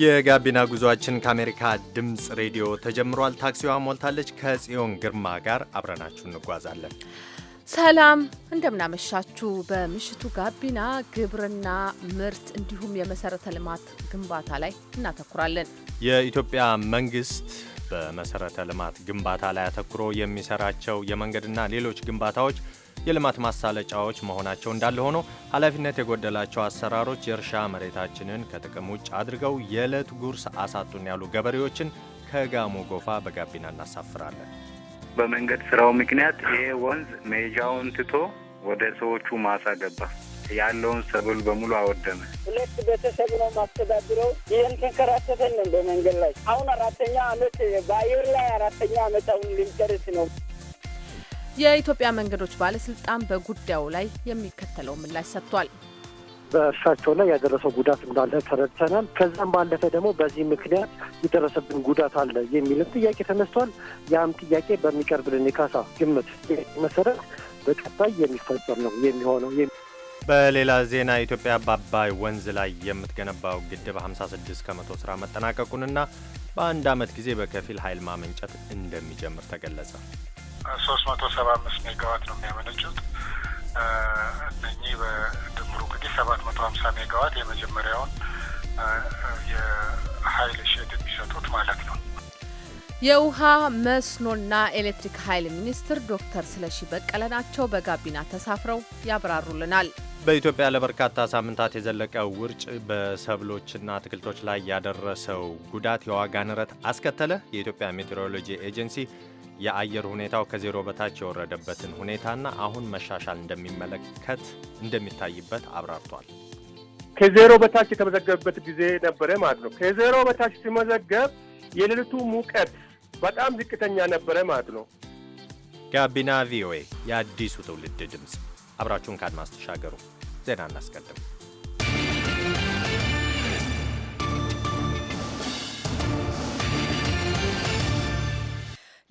የጋቢና ጉዞአችን ከአሜሪካ ድምፅ ሬዲዮ ተጀምሯል። ታክሲዋ ሞልታለች። ከጽዮን ግርማ ጋር አብረናችሁ እንጓዛለን። ሰላም እንደምናመሻችሁ። በምሽቱ ጋቢና ግብርና፣ ምርት እንዲሁም የመሰረተ ልማት ግንባታ ላይ እናተኩራለን። የኢትዮጵያ መንግስት በመሰረተ ልማት ግንባታ ላይ አተኩሮ የሚሰራቸው የመንገድና ሌሎች ግንባታዎች የልማት ማሳለጫዎች መሆናቸው እንዳለ ሆኖ ኃላፊነት የጎደላቸው አሰራሮች የእርሻ መሬታችንን ከጥቅም ውጭ አድርገው የዕለት ጉርስ አሳጡን ያሉ ገበሬዎችን ከጋሞ ጎፋ በጋቢና እናሳፍራለን። በመንገድ ስራው ምክንያት ይሄ ወንዝ ሜጃውን ትቶ ወደ ሰዎቹ ማሳ ገባ። ያለውን ሰብል በሙሉ አወደመ። ሁለት ቤተሰብ ነው ማስተዳድረው። ይህን ተንከራተተን በመንገድ ላይ አሁን አራተኛ አመት በአየር ላይ አራተኛ አመት አሁን ልንጨርስ ነው። የኢትዮጵያ መንገዶች ባለስልጣን በጉዳዩ ላይ የሚከተለው ምላሽ ሰጥቷል። በእርሻቸው ላይ ያደረሰው ጉዳት እንዳለ ተረድተናል። ከዛም ባለፈ ደግሞ በዚህ ምክንያት የደረሰብን ጉዳት አለ የሚልም ጥያቄ ተነስቷል። ያም ጥያቄ በሚቀርብልን የካሳ ግምት መሰረት በቀጣይ የሚፈጸም ነው የሚሆነው። በሌላ ዜና ኢትዮጵያ በአባይ ወንዝ ላይ የምትገነባው ግድብ 56 ከመቶ ስራ መጠናቀቁንና በአንድ ዓመት ጊዜ በከፊል ኃይል ማመንጨት እንደሚጀምር ተገለጸ። ሶስት መቶ ሰባ አምስት ሜጋዋት ነው የሚያመነጩት። እነኚህ በድምሩ እንግዲህ ሰባት መቶ ሀምሳ ሜጋዋት የመጀመሪያውን የሀይል ሼድ የሚሰጡት ማለት ነው። የውሃ መስኖና ኤሌክትሪክ ኃይል ሚኒስትር ዶክተር ስለሺ በቀለ ናቸው። በጋቢና ተሳፍረው ያብራሩልናል። በኢትዮጵያ ለበርካታ ሳምንታት የዘለቀው ውርጭ በሰብሎችና አትክልቶች ላይ ያደረሰው ጉዳት የዋጋ ንረት አስከተለ። የኢትዮጵያ ሜትሮሎጂ ኤጀንሲ የአየር ሁኔታው ከዜሮ በታች የወረደበትን ሁኔታና አሁን መሻሻል እንደሚመለከት እንደሚታይበት አብራርቷል። ከዜሮ በታች የተመዘገበበት ጊዜ ነበረ ማለት ነው። ከዜሮ በታች ሲመዘገብ የሌሊቱ ሙቀት በጣም ዝቅተኛ ነበረ ማለት ነው። ጋቢና ቪኦኤ፣ የአዲሱ ትውልድ ድምፅ። አብራችሁን ካድማስ ተሻገሩ። ዜና እናስቀድም።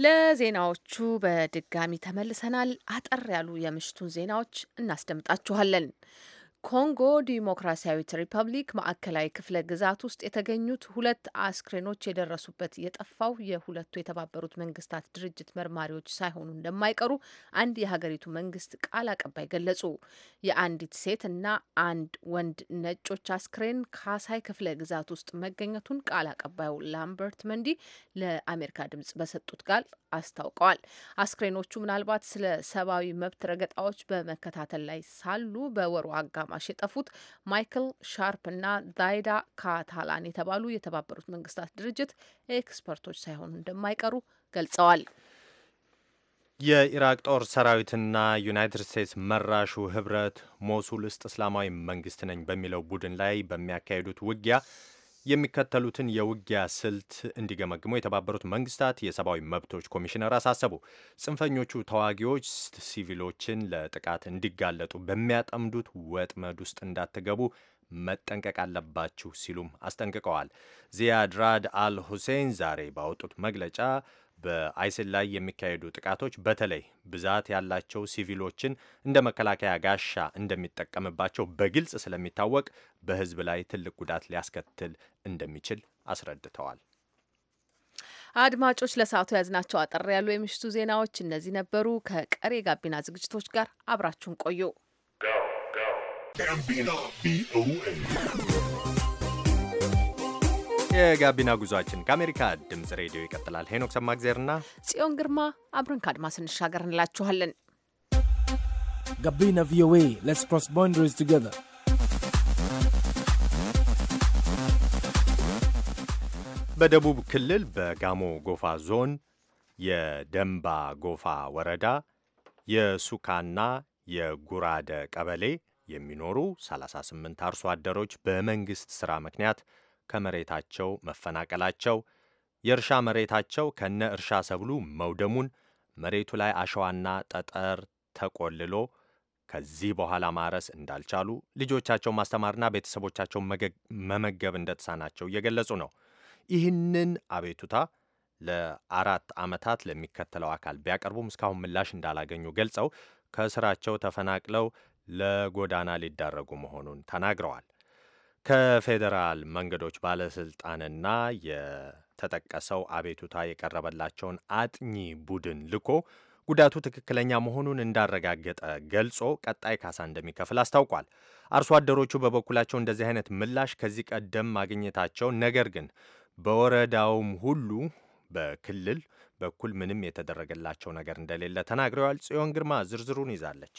ለዜናዎቹ በድጋሚ ተመልሰናል። አጠር ያሉ የምሽቱን ዜናዎች እናስደምጣችኋለን። ኮንጎ ዲሞክራሲያዊት ሪፐብሊክ ማዕከላዊ ክፍለ ግዛት ውስጥ የተገኙት ሁለት አስክሬኖች የደረሱበት የጠፋው የሁለቱ የተባበሩት መንግስታት ድርጅት መርማሪዎች ሳይሆኑ እንደማይቀሩ አንድ የሀገሪቱ መንግስት ቃል አቀባይ ገለጹ። የአንዲት ሴት እና አንድ ወንድ ነጮች አስክሬን ካሳይ ክፍለ ግዛት ውስጥ መገኘቱን ቃል አቀባዩ ላምበርት መንዲ ለአሜሪካ ድምጽ በሰጡት ቃል አስታውቀዋል። አስክሬኖቹ ምናልባት ስለ ሰብአዊ መብት ረገጣዎች በመከታተል ላይ ሳሉ በወሩ አጋ አጋማሽ የጠፉት ማይክል ሻርፕ እና ዛይዳ ካታላን የተባሉ የተባበሩት መንግስታት ድርጅት ኤክስፐርቶች ሳይሆኑ እንደማይቀሩ ገልጸዋል። የኢራቅ ጦር ሰራዊትና ዩናይትድ ስቴትስ መራሹ ህብረት ሞሱል ውስጥ እስላማዊ መንግስት ነኝ በሚለው ቡድን ላይ በሚያካሂዱት ውጊያ የሚከተሉትን የውጊያ ስልት እንዲገመግሙ የተባበሩት መንግስታት የሰብአዊ መብቶች ኮሚሽነር አሳሰቡ። ጽንፈኞቹ ተዋጊዎች ሲቪሎችን ለጥቃት እንዲጋለጡ በሚያጠምዱት ወጥመድ ውስጥ እንዳትገቡ መጠንቀቅ አለባችሁ ሲሉም አስጠንቅቀዋል። ዚያድ ራድ አል ሁሴን ዛሬ ባወጡት መግለጫ በአይስል ላይ የሚካሄዱ ጥቃቶች በተለይ ብዛት ያላቸው ሲቪሎችን እንደ መከላከያ ጋሻ እንደሚጠቀምባቸው በግልጽ ስለሚታወቅ በሕዝብ ላይ ትልቅ ጉዳት ሊያስከትል እንደሚችል አስረድተዋል። አድማጮች ለሰዓቱ ያዝናቸው አጠር ያሉ የምሽቱ ዜናዎች እነዚህ ነበሩ። ከቀሪ የጋቢና ዝግጅቶች ጋር አብራችሁን ቆዩ። የጋቢና ጉዟችን ከአሜሪካ ድምፅ ሬዲዮ ይቀጥላል። ሄኖክ ሰማግዜርና ጽዮን ግርማ አብረን ከአድማስ እንሻገር እንላችኋለን። ጋቢና ቪኦኤ ሌትስ ክሮስ ቦንደሪስ ቱጌዘር በደቡብ ክልል በጋሞ ጎፋ ዞን የደንባ ጎፋ ወረዳ የሱካና የጉራደ ቀበሌ የሚኖሩ 38 አርሶ አደሮች በመንግሥት ሥራ ምክንያት ከመሬታቸው መፈናቀላቸው፣ የእርሻ መሬታቸው ከነ እርሻ ሰብሉ መውደሙን፣ መሬቱ ላይ አሸዋና ጠጠር ተቆልሎ ከዚህ በኋላ ማረስ እንዳልቻሉ፣ ልጆቻቸው ማስተማርና ቤተሰቦቻቸው መመገብ እንደተሳናቸው እየገለጹ ነው። ይህንን አቤቱታ ለአራት ዓመታት ለሚከተለው አካል ቢያቀርቡም እስካሁን ምላሽ እንዳላገኙ ገልጸው ከስራቸው ተፈናቅለው ለጎዳና ሊዳረጉ መሆኑን ተናግረዋል። ከፌዴራል መንገዶች ባለስልጣንና የተጠቀሰው አቤቱታ የቀረበላቸውን አጥኚ ቡድን ልኮ ጉዳቱ ትክክለኛ መሆኑን እንዳረጋገጠ ገልጾ ቀጣይ ካሳ እንደሚከፍል አስታውቋል። አርሶ አደሮቹ በበኩላቸው እንደዚህ አይነት ምላሽ ከዚህ ቀደም ማግኘታቸው ነገር ግን በወረዳውም ሁሉ በክልል በኩል ምንም የተደረገላቸው ነገር እንደሌለ ተናግረዋል። ጽዮን ግርማ ዝርዝሩን ይዛለች።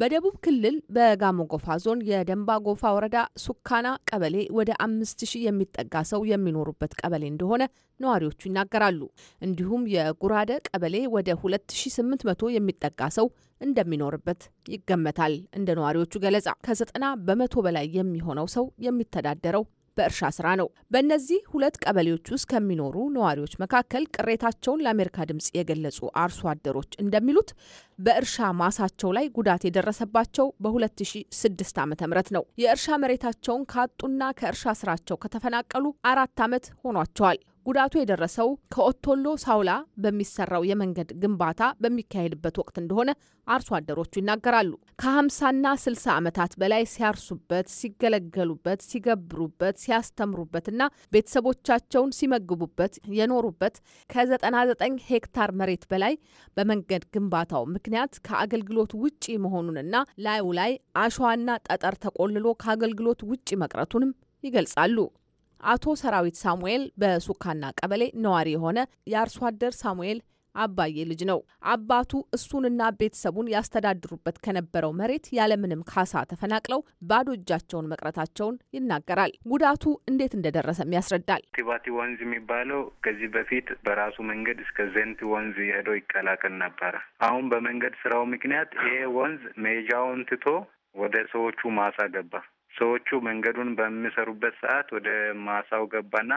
በደቡብ ክልል በጋሞ ጎፋ ዞን የደንባ ጎፋ ወረዳ ሱካና ቀበሌ ወደ አምስት ሺህ የሚጠጋ ሰው የሚኖሩበት ቀበሌ እንደሆነ ነዋሪዎቹ ይናገራሉ። እንዲሁም የጉራደ ቀበሌ ወደ 2800 የሚጠጋ ሰው እንደሚኖርበት ይገመታል። እንደ ነዋሪዎቹ ገለጻ ከዘጠና በመቶ በላይ የሚሆነው ሰው የሚተዳደረው በእርሻ ስራ ነው። በእነዚህ ሁለት ቀበሌዎች ውስጥ ከሚኖሩ ነዋሪዎች መካከል ቅሬታቸውን ለአሜሪካ ድምጽ የገለጹ አርሶ አደሮች እንደሚሉት በእርሻ ማሳቸው ላይ ጉዳት የደረሰባቸው በ2006 ዓ.ም ነው። የእርሻ መሬታቸውን ካጡና ከእርሻ ስራቸው ከተፈናቀሉ አራት ዓመት ሆኗቸዋል። ጉዳቱ የደረሰው ከኦቶሎ ሳውላ በሚሰራው የመንገድ ግንባታ በሚካሄድበት ወቅት እንደሆነ አርሶ አደሮቹ ይናገራሉ። ከ50ና 60 ዓመታት በላይ ሲያርሱበት፣ ሲገለገሉበት፣ ሲገብሩበት፣ ሲያስተምሩበትና ቤተሰቦቻቸውን ሲመግቡበት የኖሩበት ከ99 ሄክታር መሬት በላይ በመንገድ ግንባታው ምክንያት ከአገልግሎት ውጪ መሆኑንና ላዩ ላይ አሸዋና ጠጠር ተቆልሎ ከአገልግሎት ውጪ መቅረቱንም ይገልጻሉ። አቶ ሰራዊት ሳሙኤል በሱካና ቀበሌ ነዋሪ የሆነ የአርሶ አደር ሳሙኤል አባዬ ልጅ ነው። አባቱ እሱንና ቤተሰቡን ያስተዳድሩበት ከነበረው መሬት ያለምንም ካሳ ተፈናቅለው ባዶ እጃቸውን መቅረታቸውን ይናገራል። ጉዳቱ እንዴት እንደደረሰም ያስረዳል። ቲባቲ ወንዝ የሚባለው ከዚህ በፊት በራሱ መንገድ እስከ ዘንቲ ወንዝ ሄዶ ይቀላቀል ነበረ። አሁን በመንገድ ስራው ምክንያት ይሄ ወንዝ መሄጃውን ትቶ ወደ ሰዎቹ ማሳ ገባ። ሰዎቹ መንገዱን በሚሰሩበት ሰዓት ወደ ማሳው ገባና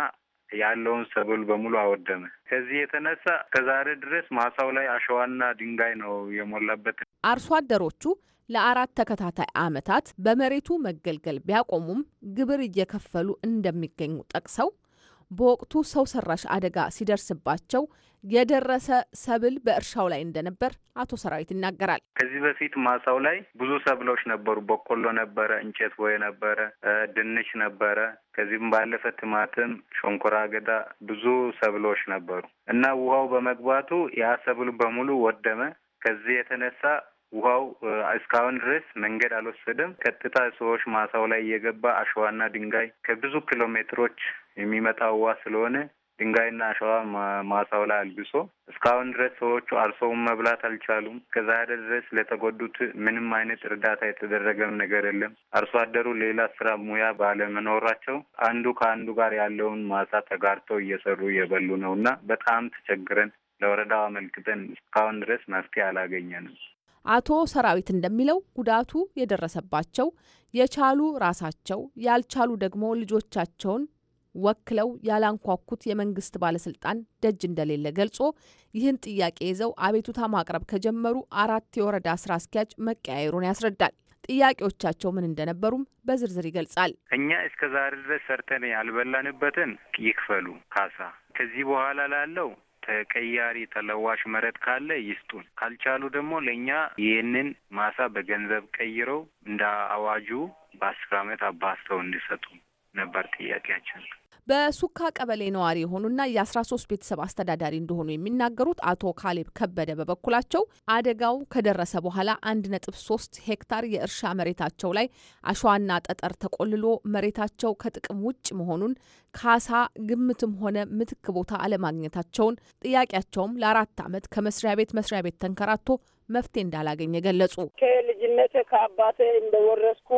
ያለውን ሰብል በሙሉ አወደመ። ከዚህ የተነሳ ከዛሬ ድረስ ማሳው ላይ አሸዋና ድንጋይ ነው የሞላበት። አርሶ አደሮቹ ለአራት ተከታታይ ዓመታት በመሬቱ መገልገል ቢያቆሙም ግብር እየከፈሉ እንደሚገኙ ጠቅሰው በወቅቱ ሰው ሰራሽ አደጋ ሲደርስባቸው የደረሰ ሰብል በእርሻው ላይ እንደነበር አቶ ሰራዊት ይናገራል። ከዚህ በፊት ማሳው ላይ ብዙ ሰብሎች ነበሩ። በቆሎ ነበረ፣ እንጨት ቦይ ነበረ፣ ድንች ነበረ። ከዚህም ባለፈ ትማትም ሸንኮራ አገዳ፣ ብዙ ሰብሎች ነበሩ እና ውሃው በመግባቱ ያ ሰብል በሙሉ ወደመ። ከዚህ የተነሳ ውሃው እስካሁን ድረስ መንገድ አልወሰደም። ቀጥታ ሰዎች ማሳው ላይ እየገባ አሸዋና ድንጋይ ከብዙ ኪሎ ሜትሮች የሚመጣ ውሃ ስለሆነ ድንጋይና አሸዋ ማሳው ላይ አልብሶ እስካሁን ድረስ ሰዎቹ አርሶውን መብላት አልቻሉም። ከዛሬ ድረስ ለተጎዱት ምንም አይነት እርዳታ የተደረገም ነገር የለም። አርሶ አደሩ ሌላ ስራ ሙያ ባለመኖራቸው አንዱ ከአንዱ ጋር ያለውን ማሳ ተጋርተው እየሰሩ እየበሉ ነው እና በጣም ተቸግረን ለወረዳው አመልክተን እስካሁን ድረስ መፍትሄ አላገኘንም። አቶ ሰራዊት እንደሚለው ጉዳቱ የደረሰባቸው የቻሉ ራሳቸው ያልቻሉ ደግሞ ልጆቻቸውን ወክለው ያላንኳኩት የመንግስት ባለስልጣን ደጅ እንደሌለ ገልጾ ይህን ጥያቄ ይዘው አቤቱታ ማቅረብ ከጀመሩ አራት የወረዳ ስራ አስኪያጅ መቀያየሩን ያስረዳል። ጥያቄዎቻቸው ምን እንደነበሩም በዝርዝር ይገልጻል። እኛ እስከ ዛሬ ድረስ ሰርተን ያልበላንበትን ይክፈሉ ካሳ። ከዚህ በኋላ ላለው ተቀያሪ ተለዋሽ መሬት ካለ ይስጡን፣ ካልቻሉ ደግሞ ለእኛ ይህንን ማሳ በገንዘብ ቀይረው እንደ አዋጁ በአስር አመት አባስተው እንዲሰጡ ነበር ጥያቄያችን። በሱካ ቀበሌ ነዋሪ የሆኑና የአስራ ሶስት ቤተሰብ አስተዳዳሪ እንደሆኑ የሚናገሩት አቶ ካሌብ ከበደ በበኩላቸው አደጋው ከደረሰ በኋላ አንድ ነጥብ ሶስት ሄክታር የእርሻ መሬታቸው ላይ አሸዋና ጠጠር ተቆልሎ መሬታቸው ከጥቅም ውጭ መሆኑን ካሳ ግምትም ሆነ ምትክ ቦታ አለማግኘታቸውን ጥያቄያቸውም ለአራት ዓመት ከመስሪያ ቤት መስሪያ ቤት ተንከራቶ መፍትሄ እንዳላገኘ ገለጹ። ከልጅነቴ ከአባቴ እንደወረስኩ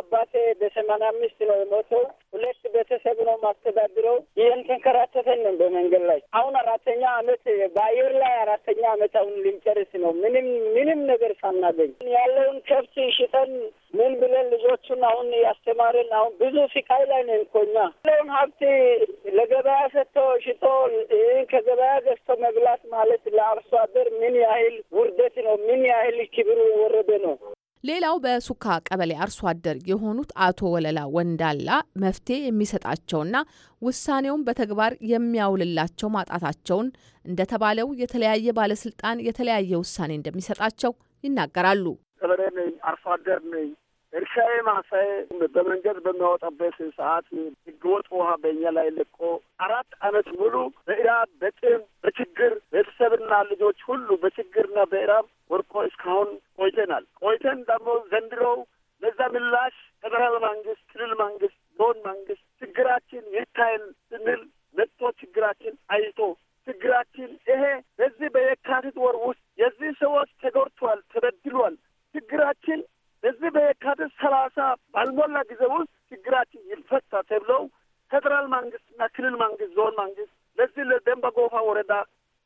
አባቴ በሰማንያ አምስት ነው የሞተው። ሁለት ቤተሰብ ነው ማስተዳድረው። ይህን ተንከራተተን ነው በመንገድ ላይ አሁን አራተኛ አመት በአየር ላይ አራተኛ አመት አሁን ልንጨርስ ነው ምንም ምንም ነገር ሳናገኝ ያለውን ከብት ሽጠን ምን ብለን ልጆቹን አሁን ያስተማርን አሁን ብዙ ስቃይ ላይ ነን እኮ እኛ። ሁሌም ሀብት ለገበያ ሰጥቶ ሽጦ ይህን ከገበያ ገዝቶ መብላት ማለት ለአርሶ አደር ምን ያህል ውርደት ነው፣ ምን ያህል ክብሩ የወረደ ነው። ሌላው በሱካ ቀበሌ አርሶ አደር የሆኑት አቶ ወለላ ወንዳላ መፍትሄ የሚሰጣቸውና ውሳኔውን በተግባር የሚያውልላቸው ማጣታቸውን እንደተባለው የተለያየ ባለስልጣን የተለያየ ውሳኔ እንደሚሰጣቸው ይናገራሉ። ገበሬ ነኝ፣ አርሶ አደር ነኝ እርሻዬ ማሳዬ በመንገድ በሚያወጣበት ሰዓት ህገወጥ ውሃ በእኛ ላይ ለቆ አራት አመት ሙሉ በእራብ በጥም በችግር ቤተሰብና ልጆች ሁሉ በችግርና በእራብ ወርቆ እስካሁን ቆይተናል። ቆይተን ደግሞ ዘንድሮው ለዛ ምላሽ ፌደራል መንግስት፣ ክልል መንግስት፣ ዞን መንግስት ችግራችን ይታይል ስንል መጥቶ ችግራችን አይቶ ችግራችን ይሄ በዚህ በየካቲት ወር ውስጥ የዚህ ሰዎች ተጎድቷል፣ ተበድሏል ችግራችን በዚህ በየካቲት ሰላሳ ባልሞላ ጊዜ ውስጥ ችግራችን ይፈታ ተብለው ፌዴራል መንግስትና ክልል መንግስት፣ ዞን መንግስት ለዚህ ለደንበ ጎፋ ወረዳ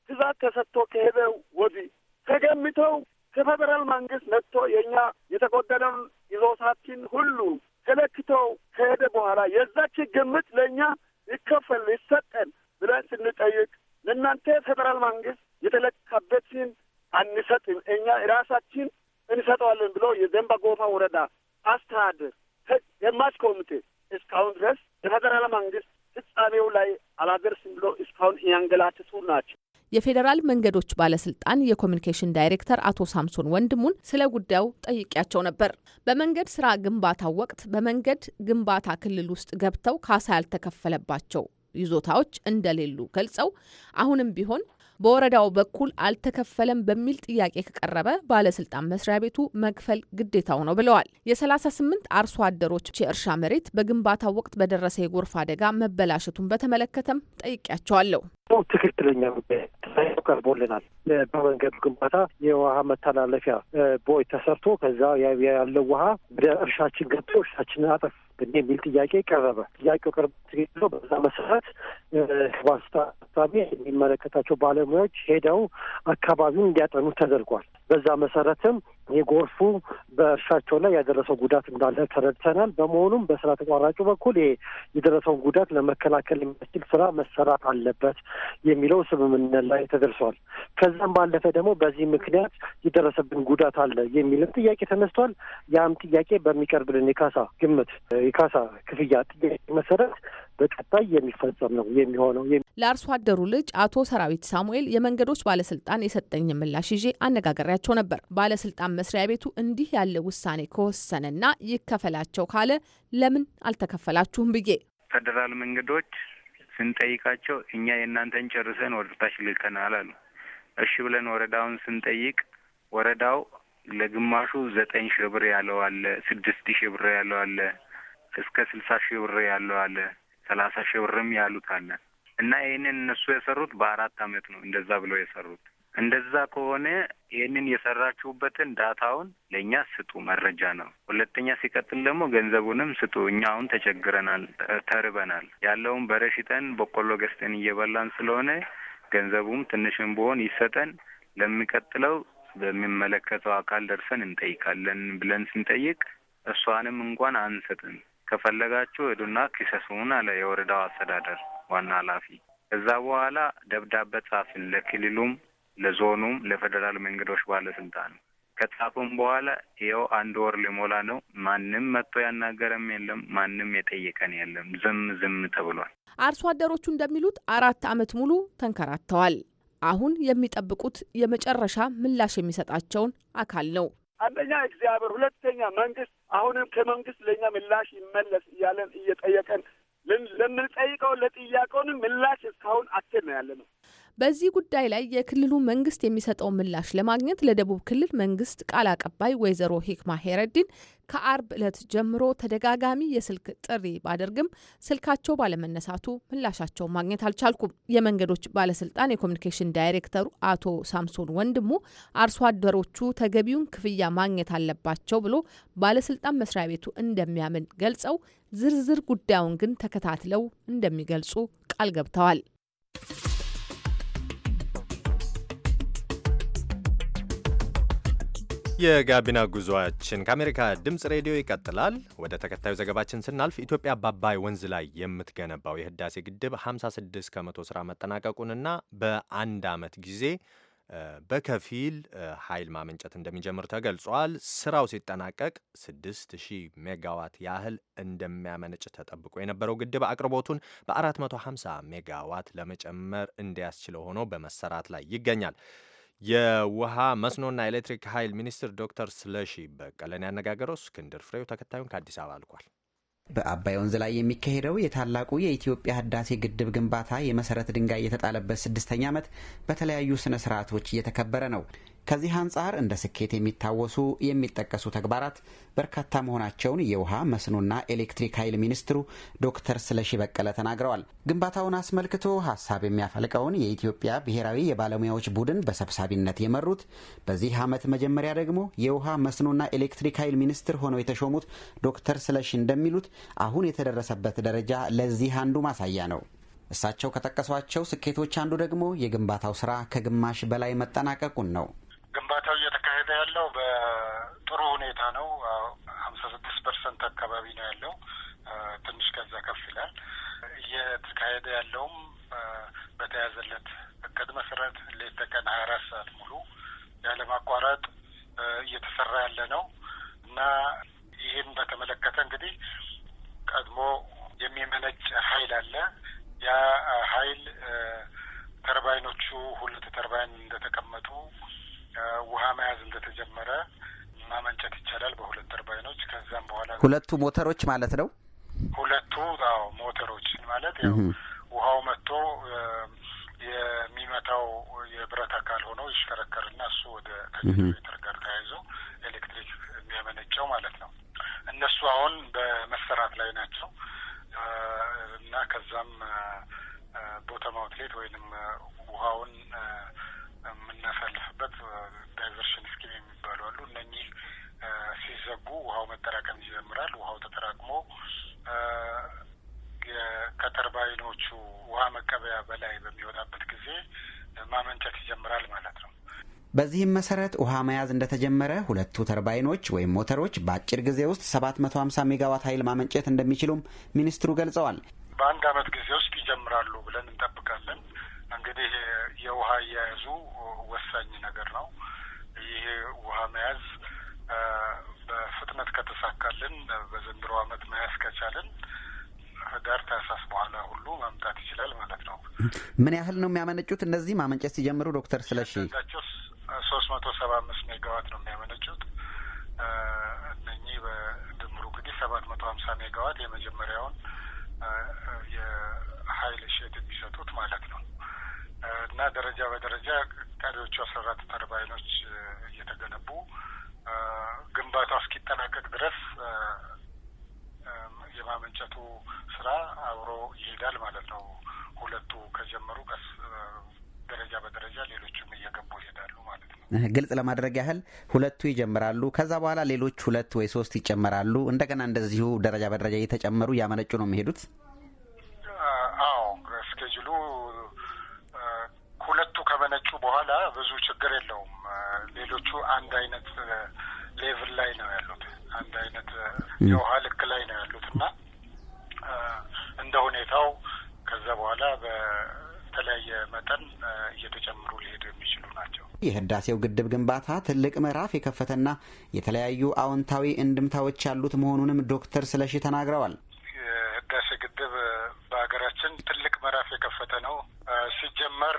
ትእዛዝ ተሰጥቶ ከሄደ ወዲህ ተገምተው ከፌዴራል መንግስት መጥቶ የእኛ የተጎደለውን ይዞታችን ሁሉ ተለክተው ከሄደ በኋላ የዛች ግምት ለእኛ ይከፈል ይሰጠን ብለን ስንጠይቅ ለእናንተ ፌዴራል መንግስት የተለካበትን አንሰጥም፣ እኛ ራሳችን እንሰጠዋለን ብሎ ጎፋ ወረዳ አስተዳደር ገማች ኮሚቴ እስካሁን ድረስ የፌዴራል መንግስት ፍጻሜው ላይ አላደርስም ብሎ እስካሁን ያንገላትሱ ናቸው። የፌዴራል መንገዶች ባለስልጣን የኮሚኒኬሽን ዳይሬክተር አቶ ሳምሶን ወንድሙን ስለ ጉዳዩ ጠይቄያቸው ነበር። በመንገድ ስራ ግንባታው ወቅት በመንገድ ግንባታ ክልል ውስጥ ገብተው ካሳ ያልተከፈለባቸው ይዞታዎች እንደሌሉ ገልጸው አሁንም ቢሆን በወረዳው በኩል አልተከፈለም በሚል ጥያቄ ከቀረበ ባለስልጣን መስሪያ ቤቱ መክፈል ግዴታው ነው ብለዋል። የ38 አርሶ አደሮች የእርሻ መሬት በግንባታው ወቅት በደረሰ የጎርፍ አደጋ መበላሸቱን በተመለከተም ጠይቄያቸዋለሁ። ትክክለኛ ጉዳይ ቀርቦልናል። በመንገዱ ግንባታ የውሃ መተላለፊያ ቦይ ተሰርቶ ከዛ ያለው ውሃ ወደ እርሻችን ገብቶ እርሻችንን አጠፍ አለብን የሚል ጥያቄ ቀረበ። ጥያቄው ቀርብ ተገኝቶ በዛ መሰረት ዋስታ አካባቢ የሚመለከታቸው ባለሙያዎች ሄደው አካባቢውን እንዲያጠኑ ተደርጓል። በዛ መሰረትም የጎርፉ በእርሻቸው ላይ ያደረሰው ጉዳት እንዳለ ተረድተናል። በመሆኑም በስራ ተቋራጩ በኩል ይሄ የደረሰውን ጉዳት ለመከላከል የሚያስችል ስራ መሰራት አለበት የሚለው ስምምነት ላይ ተደርሷል። ከዛም ባለፈ ደግሞ በዚህ ምክንያት የደረሰብን ጉዳት አለ የሚልም ጥያቄ ተነስቷል። ያም ጥያቄ በሚቀርብልን የካሳ ግምት የካሳ ክፍያ ጥያቄ መሰረት በቀጣይ የሚፈጸም ነው የሚሆነው። ለአርሶ አደሩ ልጅ አቶ ሰራዊት ሳሙኤል የመንገዶች ባለስልጣን የሰጠኝ ምላሽ ይዤ አነጋገሪያቸው ነበር። ባለስልጣን መስሪያ ቤቱ እንዲህ ያለ ውሳኔ ከወሰነና ይከፈላቸው ካለ ለምን አልተከፈላችሁም ብዬ ፌዴራል መንገዶች ስንጠይቃቸው እኛ የእናንተን ጨርሰን ወደታች ልከናል አሉ። እሺ ብለን ወረዳውን ስንጠይቅ ወረዳው ለግማሹ ዘጠኝ ሺህ ብር ያለው አለ፣ ስድስት ሺህ ብር ያለው አለ፣ እስከ ስልሳ ሺህ ብር ያለው አለ፣ ሰላሳ ሺህ ብርም ያሉት አለ እና ይህንን እነሱ የሰሩት በአራት አመት ነው እንደዛ ብለው የሰሩት እንደዛ ከሆነ ይህንን የሰራችሁበትን ዳታውን ለእኛ ስጡ፣ መረጃ ነው። ሁለተኛ ሲቀጥል ደግሞ ገንዘቡንም ስጡ። እኛ አሁን ተቸግረናል፣ ተርበናል። ያለውን በረሽጠን በቆሎ ገዝተን እየበላን ስለሆነ ገንዘቡም ትንሽም ቢሆን ይሰጠን። ለሚቀጥለው በሚመለከተው አካል ደርሰን እንጠይቃለን ብለን ስንጠይቅ እሷንም እንኳን አንሰጥም። ከፈለጋችሁ እዱና ክሰሱን አለ የወረዳው አስተዳደር ዋና ኃላፊ። ከዛ በኋላ ደብዳቤ ጻፍን ለክልሉም ለዞኑም ለፌዴራል መንገዶች ባለስልጣን ከጻፉም በኋላ ይኸው አንድ ወር ሊሞላ ነው። ማንም መጥቶ ያናገረም የለም፣ ማንም የጠየቀን የለም። ዝም ዝም ተብሏል። አርሶ አደሮቹ እንደሚሉት አራት ዓመት ሙሉ ተንከራተዋል። አሁን የሚጠብቁት የመጨረሻ ምላሽ የሚሰጣቸውን አካል ነው። አንደኛ እግዚአብሔር፣ ሁለተኛ መንግስት። አሁንም ከመንግስት ለእኛ ምላሽ ይመለስ እያለን እየጠየቀን ለምንጠይቀው ለጥያቄውንም ምላሽ እስካሁን አትል ነው ያለ ነው በዚህ ጉዳይ ላይ የክልሉ መንግስት የሚሰጠው ምላሽ ለማግኘት ለደቡብ ክልል መንግስት ቃል አቀባይ ወይዘሮ ሂክማ ሄረዲን ከአርብ ዕለት ጀምሮ ተደጋጋሚ የስልክ ጥሪ ባደርግም ስልካቸው ባለመነሳቱ ምላሻቸውን ማግኘት አልቻልኩም። የመንገዶች ባለስልጣን የኮሚኒኬሽን ዳይሬክተሩ አቶ ሳምሶን ወንድሙ አርሶ አደሮቹ ተገቢውን ክፍያ ማግኘት አለባቸው ብሎ ባለስልጣን መስሪያ ቤቱ እንደሚያምን ገልጸው ዝርዝር ጉዳዩን ግን ተከታትለው እንደሚገልጹ ቃል ገብተዋል። የጋቢና ጉዞአችን ከአሜሪካ ድምፅ ሬዲዮ ይቀጥላል። ወደ ተከታዩ ዘገባችን ስናልፍ ኢትዮጵያ በአባይ ወንዝ ላይ የምትገነባው የህዳሴ ግድብ 56 ከመቶ ስራ መጠናቀቁንና በአንድ ዓመት ጊዜ በከፊል ኃይል ማመንጨት እንደሚጀምር ተገልጿል። ስራው ሲጠናቀቅ 6000 ሜጋዋት ያህል እንደሚያመነጭ ተጠብቆ የነበረው ግድብ አቅርቦቱን በ450 ሜጋዋት ለመጨመር እንዲያስችለው ሆኖ በመሰራት ላይ ይገኛል። የውሃ መስኖና ኤሌክትሪክ ኃይል ሚኒስትር ዶክተር ስለሺ በቀለን ያነጋገረው እስክንድር ፍሬው ተከታዩን ከአዲስ አበባ አልኳል። በአባይ ወንዝ ላይ የሚካሄደው የታላቁ የኢትዮጵያ ህዳሴ ግድብ ግንባታ የመሰረት ድንጋይ የተጣለበት ስድስተኛ ዓመት በተለያዩ ስነ ስርዓቶች እየተከበረ ነው። ከዚህ አንጻር እንደ ስኬት የሚታወሱ የሚጠቀሱ ተግባራት በርካታ መሆናቸውን የውሃ መስኖና ኤሌክትሪክ ኃይል ሚኒስትሩ ዶክተር ስለሺ በቀለ ተናግረዋል። ግንባታውን አስመልክቶ ሀሳብ የሚያፈልቀውን የኢትዮጵያ ብሔራዊ የባለሙያዎች ቡድን በሰብሳቢነት የመሩት በዚህ ዓመት መጀመሪያ ደግሞ የውሃ መስኖና ኤሌክትሪክ ኃይል ሚኒስትር ሆነው የተሾሙት ዶክተር ስለሺ እንደሚሉት አሁን የተደረሰበት ደረጃ ለዚህ አንዱ ማሳያ ነው። እሳቸው ከጠቀሷቸው ስኬቶች አንዱ ደግሞ የግንባታው ስራ ከግማሽ በላይ መጠናቀቁን ነው። ግንባታው እየተካሄደ ያለው በጥሩ ሁኔታ ነው። ሀምሳ ስድስት ፐርሰንት አካባቢ ነው ያለው። ትንሽ ከዛ ከፍ ይላል። እየተካሄደ ያለውም በተያዘለት እቅድ መሰረት ሌት ተቀን ሀያ አራት ሰዓት ሙሉ ያለማቋረጥ እየተሰራ ያለ ነው እና ይህን በተመለከተ እንግዲህ ቀድሞ የሚመነጭ ኃይል አለ። ያ ኃይል ተርባይኖቹ ሁለት ተርባይን እንደተቀመጡ ውሃ መያዝ እንደተጀመረ ማመንጨት ይቻላል በሁለት ተርባይኖች። ከዛም በኋላ ሁለቱ ሞተሮች ማለት ነው። ሁለቱ ው ሞተሮች ማለት ያው ውሃው መጥቶ የሚመታው የብረት አካል ሆኖ ይሽከረከርና እሱ ወደ ከጀነሬተር ጋር ተያይዞ ኤሌክትሪክ የሚያመነጨው ማለት ነው። እነሱ አሁን በመሰራት ላይ ናቸው እና ከዛም ቦተም አውትሌት ወይንም ውሃውን የምናሳልፍበት ዳይቨርሽን ስኪም የሚባሉ አሉ። እነኚህ ሲዘጉ ውሀው መጠራቀም ይጀምራል። ውሀው ተጠራቅሞ ከተርባይኖቹ ውሀ መቀበያ በላይ በሚወጣበት ጊዜ ማመንጨት ይጀምራል ማለት ነው። በዚህም መሰረት ውሃ መያዝ እንደተጀመረ ሁለቱ ተርባይኖች ወይም ሞተሮች በአጭር ጊዜ ውስጥ 750 ሜጋዋት ኃይል ማመንጨት እንደሚችሉም ሚኒስትሩ ገልጸዋል። በአንድ አመት ጊዜ ውስጥ ይጀምራሉ ብለን እንጠብቃለን። እንግዲህ የውሃ አያያዙ ወሳኝ ነገር ነው። ይህ ውሃ መያዝ በፍጥነት ከተሳካልን በዘንድሮ ዓመት መያዝ ከቻልን ህዳር፣ ታህሳስ በኋላ ሁሉ ማምጣት ይችላል ማለት ነው። ምን ያህል ነው የሚያመነጩት? እነዚህ ማመንጨት ሲጀምሩ ዶክተር ስለሺ ሶስት መቶ ሰባ አምስት ሜጋዋት ነው የሚያመነጩት። እነኚህ በድምሩ እንግዲህ ሰባት መቶ ሀምሳ ሜጋዋት የመጀመሪያውን የሀይል ሼድ የሚሰጡት ማለት ነው እና ደረጃ በደረጃ ቀሪዎቹ አስራ አራት ተርባይኖች እየተገነቡ ግንባታው እስኪጠናቀቅ ድረስ የማመንጨቱ ስራ አብሮ ይሄዳል ማለት ነው። ሁለቱ ከጀመሩ ቀስ ደረጃ በደረጃ ሌሎችም እየገቡ ይሄዳሉ ማለት ነው። ግልጽ ለማድረግ ያህል ሁለቱ ይጀምራሉ፣ ከዛ በኋላ ሌሎች ሁለት ወይ ሶስት ይጨመራሉ። እንደገና እንደዚሁ ደረጃ በደረጃ እየተጨመሩ እያመነጩ ነው የሚሄዱት። አዎ እስኬጅሉ ሁለቱ ከመነጩ በኋላ ብዙ ችግር የለውም። ሌሎቹ አንድ አይነት ሌቭል ላይ ነው ያሉት፣ አንድ አይነት የውሃ ልክ ላይ ነው ያሉት እና እንደ ሁኔታው ከዛ በኋላ በተለያየ መጠን እየተጨምሩ ሊሄዱ የሚችሉ ናቸው። የህዳሴው ግድብ ግንባታ ትልቅ ምዕራፍ የከፈተና የተለያዩ አዎንታዊ እንድምታዎች ያሉት መሆኑንም ዶክተር ስለሺ ተናግረዋል። የህዳሴ ግድብ በሀገራችን ትልቅ ምዕራፍ የከፈተ ነው። ሲጀመር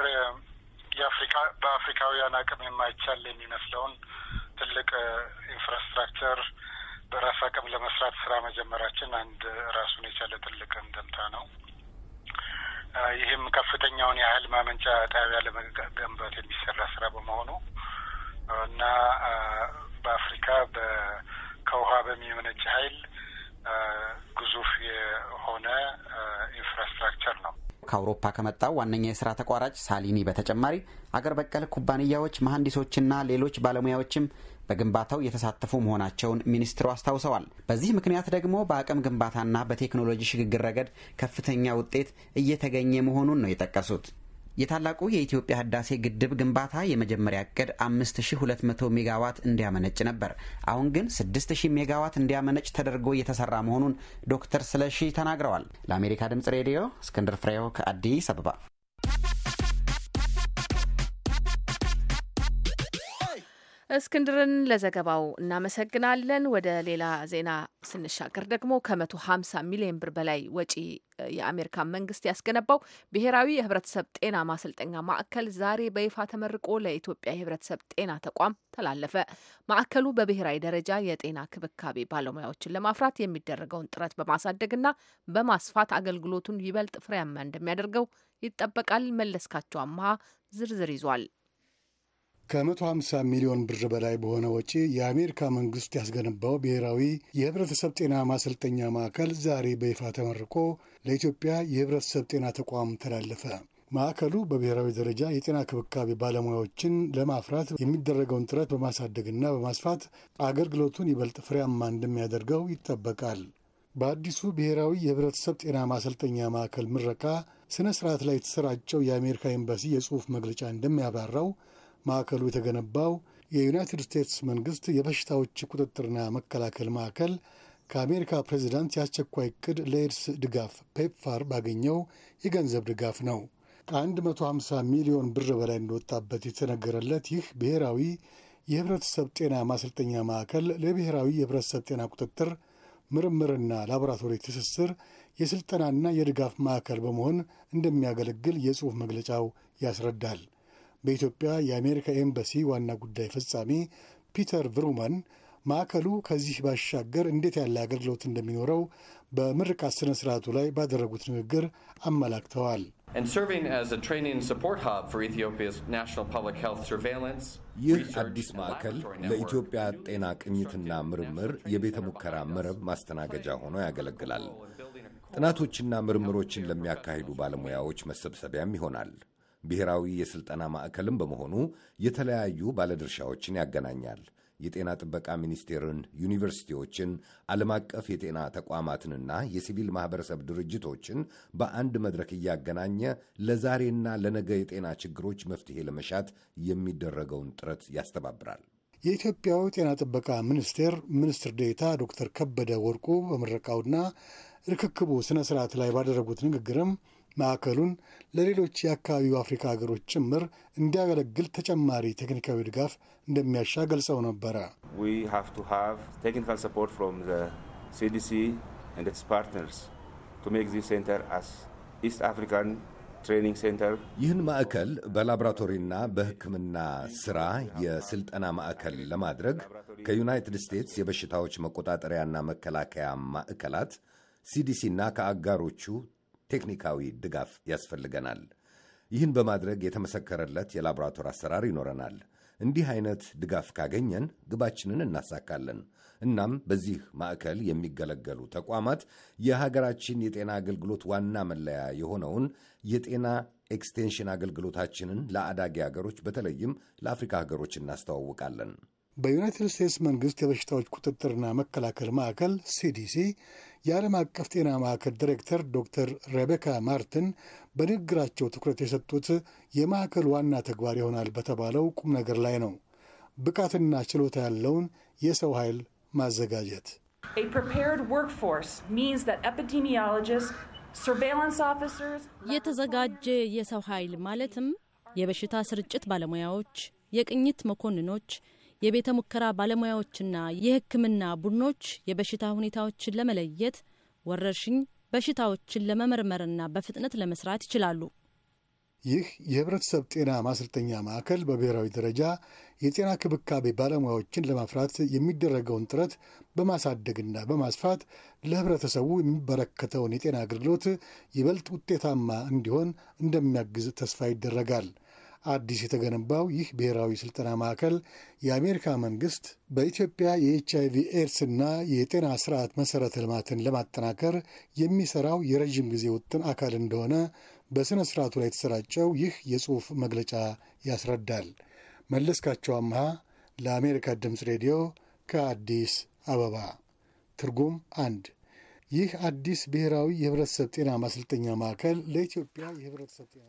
የአፍሪካ በአፍሪካውያን አቅም የማይቻል የሚመስለውን ትልቅ ኢንፍራስትራክቸር በራስ አቅም ለመስራት ስራ መጀመራችን አንድ ራሱን የቻለ ትልቅ እንድምታ ነው። ይህም ከፍተኛውን የኃይል ማመንጫ ጣቢያ ለመገንባት የሚሰራ ስራ በመሆኑ እና በአፍሪካ ከውሃ በሚመነጭ ኃይል ግዙፍ የሆነ ኢንፍራስትራክቸር ነው። ከአውሮፓ ከመጣው ዋነኛ የስራ ተቋራጭ ሳሊኒ በተጨማሪ አገር በቀል ኩባንያዎች፣ መሐንዲሶችና ሌሎች ባለሙያዎችም በግንባታው የተሳተፉ መሆናቸውን ሚኒስትሩ አስታውሰዋል። በዚህ ምክንያት ደግሞ በአቅም ግንባታና በቴክኖሎጂ ሽግግር ረገድ ከፍተኛ ውጤት እየተገኘ መሆኑን ነው የጠቀሱት። የታላቁ የኢትዮጵያ ህዳሴ ግድብ ግንባታ የመጀመሪያ እቅድ 5200 ሜጋዋት እንዲያመነጭ ነበር። አሁን ግን 6000 ሜጋዋት እንዲያመነጭ ተደርጎ እየተሰራ መሆኑን ዶክተር ስለሺ ተናግረዋል። ለአሜሪካ ድምጽ ሬዲዮ እስክንድር ፍሬው ከአዲስ አበባ እስክንድርን ለዘገባው እናመሰግናለን። ወደ ሌላ ዜና ስንሻገር ደግሞ ከመቶ ሀምሳ ሚሊዮን ብር በላይ ወጪ የአሜሪካ መንግስት ያስገነባው ብሔራዊ የህብረተሰብ ጤና ማሰልጠኛ ማዕከል ዛሬ በይፋ ተመርቆ ለኢትዮጵያ የህብረተሰብ ጤና ተቋም ተላለፈ። ማዕከሉ በብሔራዊ ደረጃ የጤና ክብካቤ ባለሙያዎችን ለማፍራት የሚደረገውን ጥረት በማሳደግና በማስፋት አገልግሎቱን ይበልጥ ፍሬያማ እንደሚያደርገው ይጠበቃል። መለስካቸው አምሃ ዝርዝር ይዟል። ከ150 ሚሊዮን ብር በላይ በሆነ ወጪ የአሜሪካ መንግስት ያስገነባው ብሔራዊ የህብረተሰብ ጤና ማሰልጠኛ ማዕከል ዛሬ በይፋ ተመርቆ ለኢትዮጵያ የህብረተሰብ ጤና ተቋም ተላለፈ። ማዕከሉ በብሔራዊ ደረጃ የጤና ክብካቤ ባለሙያዎችን ለማፍራት የሚደረገውን ጥረት በማሳደግና በማስፋት አገልግሎቱን ይበልጥ ፍሬያማ እንደሚያደርገው ይጠበቃል። በአዲሱ ብሔራዊ የህብረተሰብ ጤና ማሰልጠኛ ማዕከል ምረቃ ሥነ ሥርዓት ላይ የተሰራጨው የአሜሪካ ኤምባሲ የጽሑፍ መግለጫ እንደሚያብራራው ማዕከሉ የተገነባው የዩናይትድ ስቴትስ መንግስት የበሽታዎች ቁጥጥርና መከላከል ማዕከል ከአሜሪካ ፕሬዚዳንት የአስቸኳይ ዕቅድ ለኤድስ ድጋፍ ፔፕፋር ባገኘው የገንዘብ ድጋፍ ነው። ከ150 ሚሊዮን ብር በላይ እንደወጣበት የተነገረለት ይህ ብሔራዊ የህብረተሰብ ጤና ማሰልጠኛ ማዕከል ለብሔራዊ የህብረተሰብ ጤና ቁጥጥር ምርምርና ላቦራቶሪ ትስስር የሥልጠናና የድጋፍ ማዕከል በመሆን እንደሚያገለግል የጽሑፍ መግለጫው ያስረዳል። በኢትዮጵያ የአሜሪካ ኤምባሲ ዋና ጉዳይ ፈጻሚ ፒተር ቭሩማን ማዕከሉ ከዚህ ባሻገር እንዴት ያለ አገልግሎት እንደሚኖረው በምርቃት ስነ ስርዓቱ ላይ ባደረጉት ንግግር አመላክተዋል። ይህ አዲስ ማዕከል ለኢትዮጵያ ጤና ቅኝትና ምርምር የቤተ ሙከራ መረብ ማስተናገጃ ሆኖ ያገለግላል። ጥናቶችና ምርምሮችን ለሚያካሂዱ ባለሙያዎች መሰብሰቢያም ይሆናል። ብሔራዊ የሥልጠና ማዕከልም በመሆኑ የተለያዩ ባለድርሻዎችን ያገናኛል። የጤና ጥበቃ ሚኒስቴርን፣ ዩኒቨርሲቲዎችን፣ ዓለም አቀፍ የጤና ተቋማትንና የሲቪል ማኅበረሰብ ድርጅቶችን በአንድ መድረክ እያገናኘ ለዛሬና ለነገ የጤና ችግሮች መፍትሄ ለመሻት የሚደረገውን ጥረት ያስተባብራል። የኢትዮጵያው ጤና ጥበቃ ሚኒስቴር ሚኒስትር ዴታ ዶክተር ከበደ ወርቁ በምረቃውና ርክክቡ ስነ ስርዓት ላይ ባደረጉት ንግግርም ማዕከሉን ለሌሎች የአካባቢው አፍሪካ ሀገሮች ጭምር እንዲያገለግል ተጨማሪ ቴክኒካዊ ድጋፍ እንደሚያሻ ገልጸው ነበረ። ይህን ማዕከል በላቦራቶሪና በሕክምና ሥራ የሥልጠና ማዕከል ለማድረግ ከዩናይትድ ስቴትስ የበሽታዎች መቆጣጠሪያና መከላከያ ማዕከላት ሲዲሲና ከአጋሮቹ ቴክኒካዊ ድጋፍ ያስፈልገናል። ይህን በማድረግ የተመሰከረለት የላቦራቶር አሰራር ይኖረናል። እንዲህ አይነት ድጋፍ ካገኘን ግባችንን እናሳካለን። እናም በዚህ ማዕከል የሚገለገሉ ተቋማት የሀገራችን የጤና አገልግሎት ዋና መለያ የሆነውን የጤና ኤክስቴንሽን አገልግሎታችንን ለአዳጊ ሀገሮች በተለይም ለአፍሪካ ሀገሮች እናስተዋውቃለን። በዩናይትድ ስቴትስ መንግስት የበሽታዎች ቁጥጥርና መከላከል ማዕከል ሲዲሲ የዓለም አቀፍ ጤና ማዕከል ዲሬክተር ዶክተር ሬቤካ ማርትን በንግግራቸው ትኩረት የሰጡት የማዕከል ዋና ተግባር ይሆናል በተባለው ቁም ነገር ላይ ነው። ብቃትና ችሎታ ያለውን የሰው ኃይል ማዘጋጀት የተዘጋጀ የሰው ኃይል ማለትም የበሽታ ስርጭት ባለሙያዎች፣ የቅኝት መኮንኖች የቤተ ሙከራ ባለሙያዎችና የሕክምና ቡድኖች የበሽታ ሁኔታዎችን ለመለየት ወረርሽኝ በሽታዎችን ለመመርመርና በፍጥነት ለመስራት ይችላሉ። ይህ የህብረተሰብ ጤና ማሰልጠኛ ማዕከል በብሔራዊ ደረጃ የጤና ክብካቤ ባለሙያዎችን ለማፍራት የሚደረገውን ጥረት በማሳደግና በማስፋት ለህብረተሰቡ የሚበረከተውን የጤና አገልግሎት ይበልጥ ውጤታማ እንዲሆን እንደሚያግዝ ተስፋ ይደረጋል። አዲስ የተገነባው ይህ ብሔራዊ ስልጠና ማዕከል የአሜሪካ መንግስት በኢትዮጵያ የኤች አይቪ ኤድስና የጤና ስርዓት መሠረተ ልማትን ለማጠናከር የሚሰራው የረዥም ጊዜ ውጥን አካል እንደሆነ በሥነ ሥርዓቱ ላይ የተሰራጨው ይህ የጽሑፍ መግለጫ ያስረዳል። መለስካቸው አምሃ ለአሜሪካ ድምፅ ሬዲዮ ከአዲስ አበባ ትርጉም አንድ ይህ አዲስ ብሔራዊ የህብረተሰብ ጤና ማሰልጠኛ ማዕከል ለኢትዮጵያ የህብረተሰብ ጤና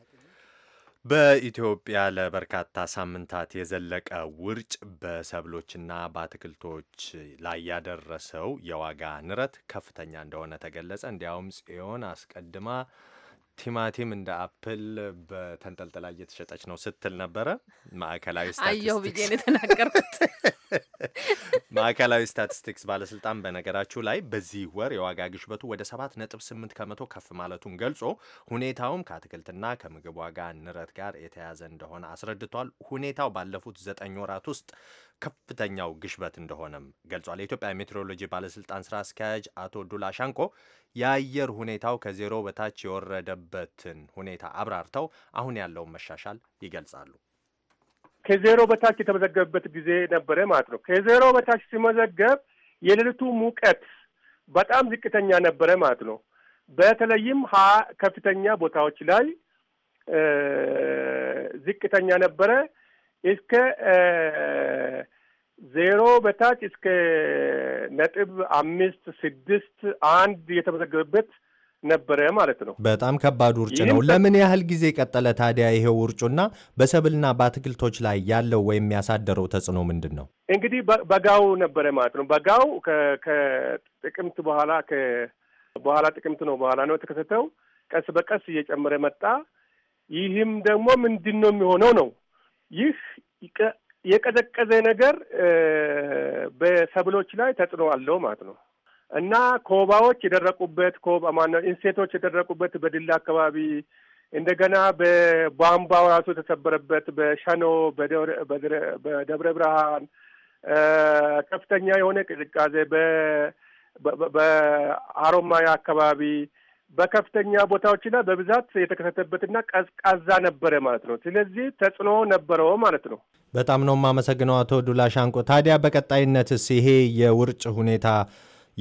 በኢትዮጵያ ለበርካታ ሳምንታት የዘለቀ ውርጭ በሰብሎችና በአትክልቶች ላይ ያደረሰው የዋጋ ንረት ከፍተኛ እንደሆነ ተገለጸ። እንዲያውም ጽዮን አስቀድማ ቲማቲም እንደ አፕል በተንጠልጥላ እየተሸጠች ነው ስትል ነበረ። ማዕከላዊ ስታቲስቲክስ አየሁ ብዬ ነው የተናገርኩት። ማዕከላዊ ስታቲስቲክስ ባለስልጣን በነገራችሁ ላይ በዚህ ወር የዋጋ ግሽበቱ ወደ 7.8 ከመቶ ከፍ ማለቱን ገልጾ ሁኔታውም ከአትክልትና ከምግብ ዋጋ ንረት ጋር የተያዘ እንደሆነ አስረድቷል። ሁኔታው ባለፉት ዘጠኝ ወራት ውስጥ ከፍተኛው ግሽበት እንደሆነም ገልጿል። የኢትዮጵያ ሜትሮሎጂ ባለስልጣን ስራ አስኪያጅ አቶ ዱላ ሻንቆ የአየር ሁኔታው ከዜሮ በታች የወረደበትን ሁኔታ አብራርተው አሁን ያለውን መሻሻል ይገልጻሉ። ከዜሮ በታች የተመዘገበበት ጊዜ ነበረ ማለት ነው። ከዜሮ በታች ሲመዘገብ የሌሊቱ ሙቀት በጣም ዝቅተኛ ነበረ ማለት ነው። በተለይም ሀ ከፍተኛ ቦታዎች ላይ ዝቅተኛ ነበረ እስከ ዜሮ በታች እስከ ነጥብ አምስት ስድስት አንድ የተመዘገበበት ነበረ ማለት ነው። በጣም ከባድ ውርጭ ነው። ለምን ያህል ጊዜ ቀጠለ ታዲያ ይሄው ውርጩና በሰብልና በአትክልቶች ላይ ያለው ወይም ያሳደረው ተጽዕኖ ምንድን ነው? እንግዲህ በጋው ነበረ ማለት ነው። በጋው ከጥቅምት በኋላ በኋላ ጥቅምት ነው በኋላ ነው የተከሰተው። ቀስ በቀስ እየጨመረ መጣ። ይህም ደግሞ ምንድን ነው የሚሆነው ነው ይህ የቀዘቀዘ ነገር በሰብሎች ላይ ተጽዕኖ አለው ማለት ነው። እና ኮባዎች የደረቁበት ኮባ ማነው ኢንሴቶች የደረቁበት በድላ አካባቢ እንደገና በቧንቧው ራሱ የተሰበረበት በሸኖ በደብረ ብርሃን ከፍተኛ የሆነ ቅዝቃዜ በአሮማያ አካባቢ በከፍተኛ ቦታዎች ላይ በብዛት የተከሰተበትና ቀዝቃዛ ነበረ ማለት ነው። ስለዚህ ተጽዕኖ ነበረው ማለት ነው። በጣም ነው የማመሰግነው አቶ ዱላ ሻንቆ። ታዲያ በቀጣይነትስ ይሄ የውርጭ ሁኔታ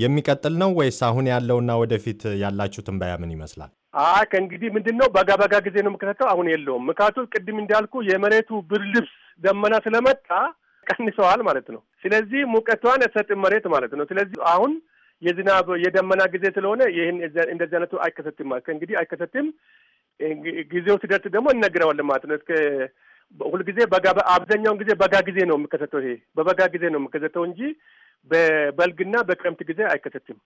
የሚቀጥል ነው ወይስ አሁን ያለውና ወደፊት ያላችሁ ትንበያ ምን ይመስላል? አይ ከእንግዲህ ምንድን ነው በጋ በጋ ጊዜ ነው የምከሰተው አሁን የለውም። ምክንያቱም ቅድም እንዳልኩ የመሬቱ ብር ልብስ ደመና ስለመጣ ቀንሰዋል ማለት ነው። ስለዚህ ሙቀቷን ሰጥም መሬት ማለት ነው። ስለዚህ አሁን የዝናብ የደመና ጊዜ ስለሆነ ይህን እንደዚህ አይነቱ አይከሰትም። ከእንግዲህ አይከሰትም። ጊዜው ሲደርስ ደግሞ እነግረዋለን ማለት ነው። እስከ ሁልጊዜ በጋ አብዛኛውን ጊዜ በጋ ጊዜ ነው የሚከሰተው። ይሄ በበጋ ጊዜ ነው የሚከሰተው እንጂ በበልግና በክረምት ጊዜ አይከሰትም።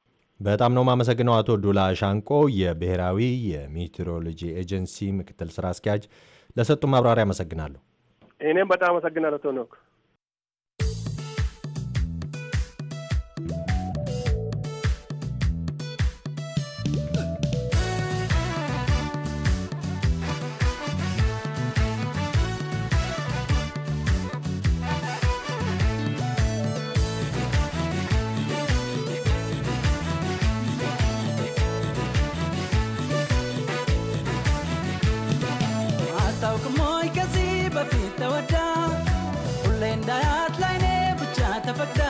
በጣም ነው የማመሰግነው አቶ ዱላ ሻንቆ የብሔራዊ የሜትሮሎጂ ኤጀንሲ ምክትል ስራ አስኪያጅ ለሰጡ ማብራሪያ አመሰግናለሁ። እኔም በጣም አመሰግናለሁ ቶኖክ ፈቅዳ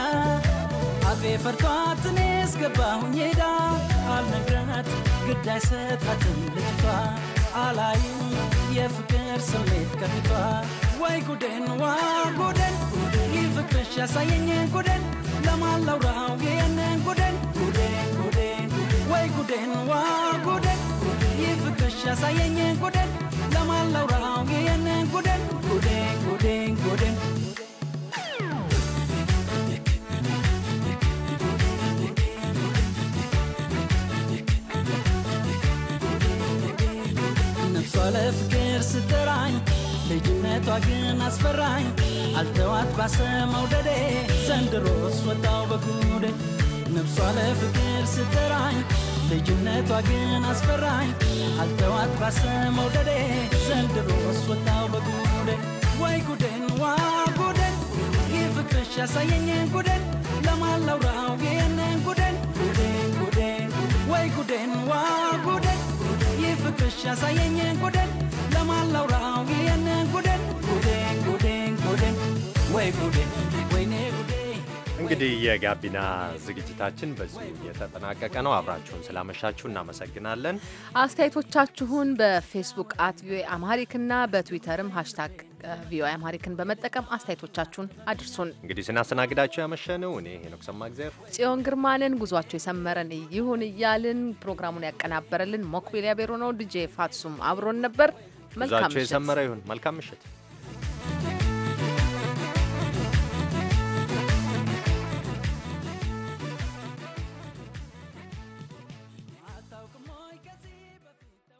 አፌ ፈርቷት እኔ እስገባሁኝ ሄዳ አልነግራት ግድ አይሰጣትም ልጅቷ አላይም የፍቅር ስሜት ከፊቷ ወይ ጉዴን ዋ ጉዴን ይህ ፍቅርሽ ያሳየኝ ጉዴን ለማን ላውራው ይህንን ጉዴን ጉዴን ወይ ጉዴን ዋ ጉዴን ይህ ፍቅርሽ ያሳየኝ ጉዴን ለማን ላውራው ይህንን ጉዴን ጉዴን ጉዴን እምነቷ ግን አስፈራኝ አልተዋት ባሰ መውደዴ ዘንድሮስ ወጣው በጉዴ ነፍሷ ለፍቅር ስትራኝ ልጅነቷ ግን አስፈራኝ አልተዋት ባሰ መውደዴ ዘንድሮስ ወጣው በጉዴ ወይ ጉዴን ዋ ጉዴን ይህ ፍቅርሽ ያሳየኝን ጉዴን ለማን ላውራው ይህንን ጉዴን ወይ ጉዴን ዋ ጉዴን ይህ ፍቅርሽ ያሳየኝን ጉዴን ለማን ላውራው ይህንን እንግዲህ የጋቢና ዝግጅታችን በዚሁ የተጠናቀቀ ነው። አብራችሁን ስላመሻችሁ እናመሰግናለን። አስተያየቶቻችሁን በፌስቡክ አት ቪኦኤ አማሪክና በትዊተርም ሀሽታግ ቪኦኤ አማሪክን በመጠቀም አስተያየቶቻችሁን አድርሱን። እንግዲህ ስናስተናግዳችሁ ያመሸ ነው እኔ ሄኖክ ሰማእግዜር፣ ጽዮን ግርማንን ጉዟቸው የሰመረን ይሁን እያልን ፕሮግራሙን ያቀናበረልን ሞክቢሊያ ቤሮ ነው። ዲጄ ፋትሱም አብሮን ነበር። መልካም ምሽት። ጉዟቸው የሰመረ ይሁን። መልካም ምሽት።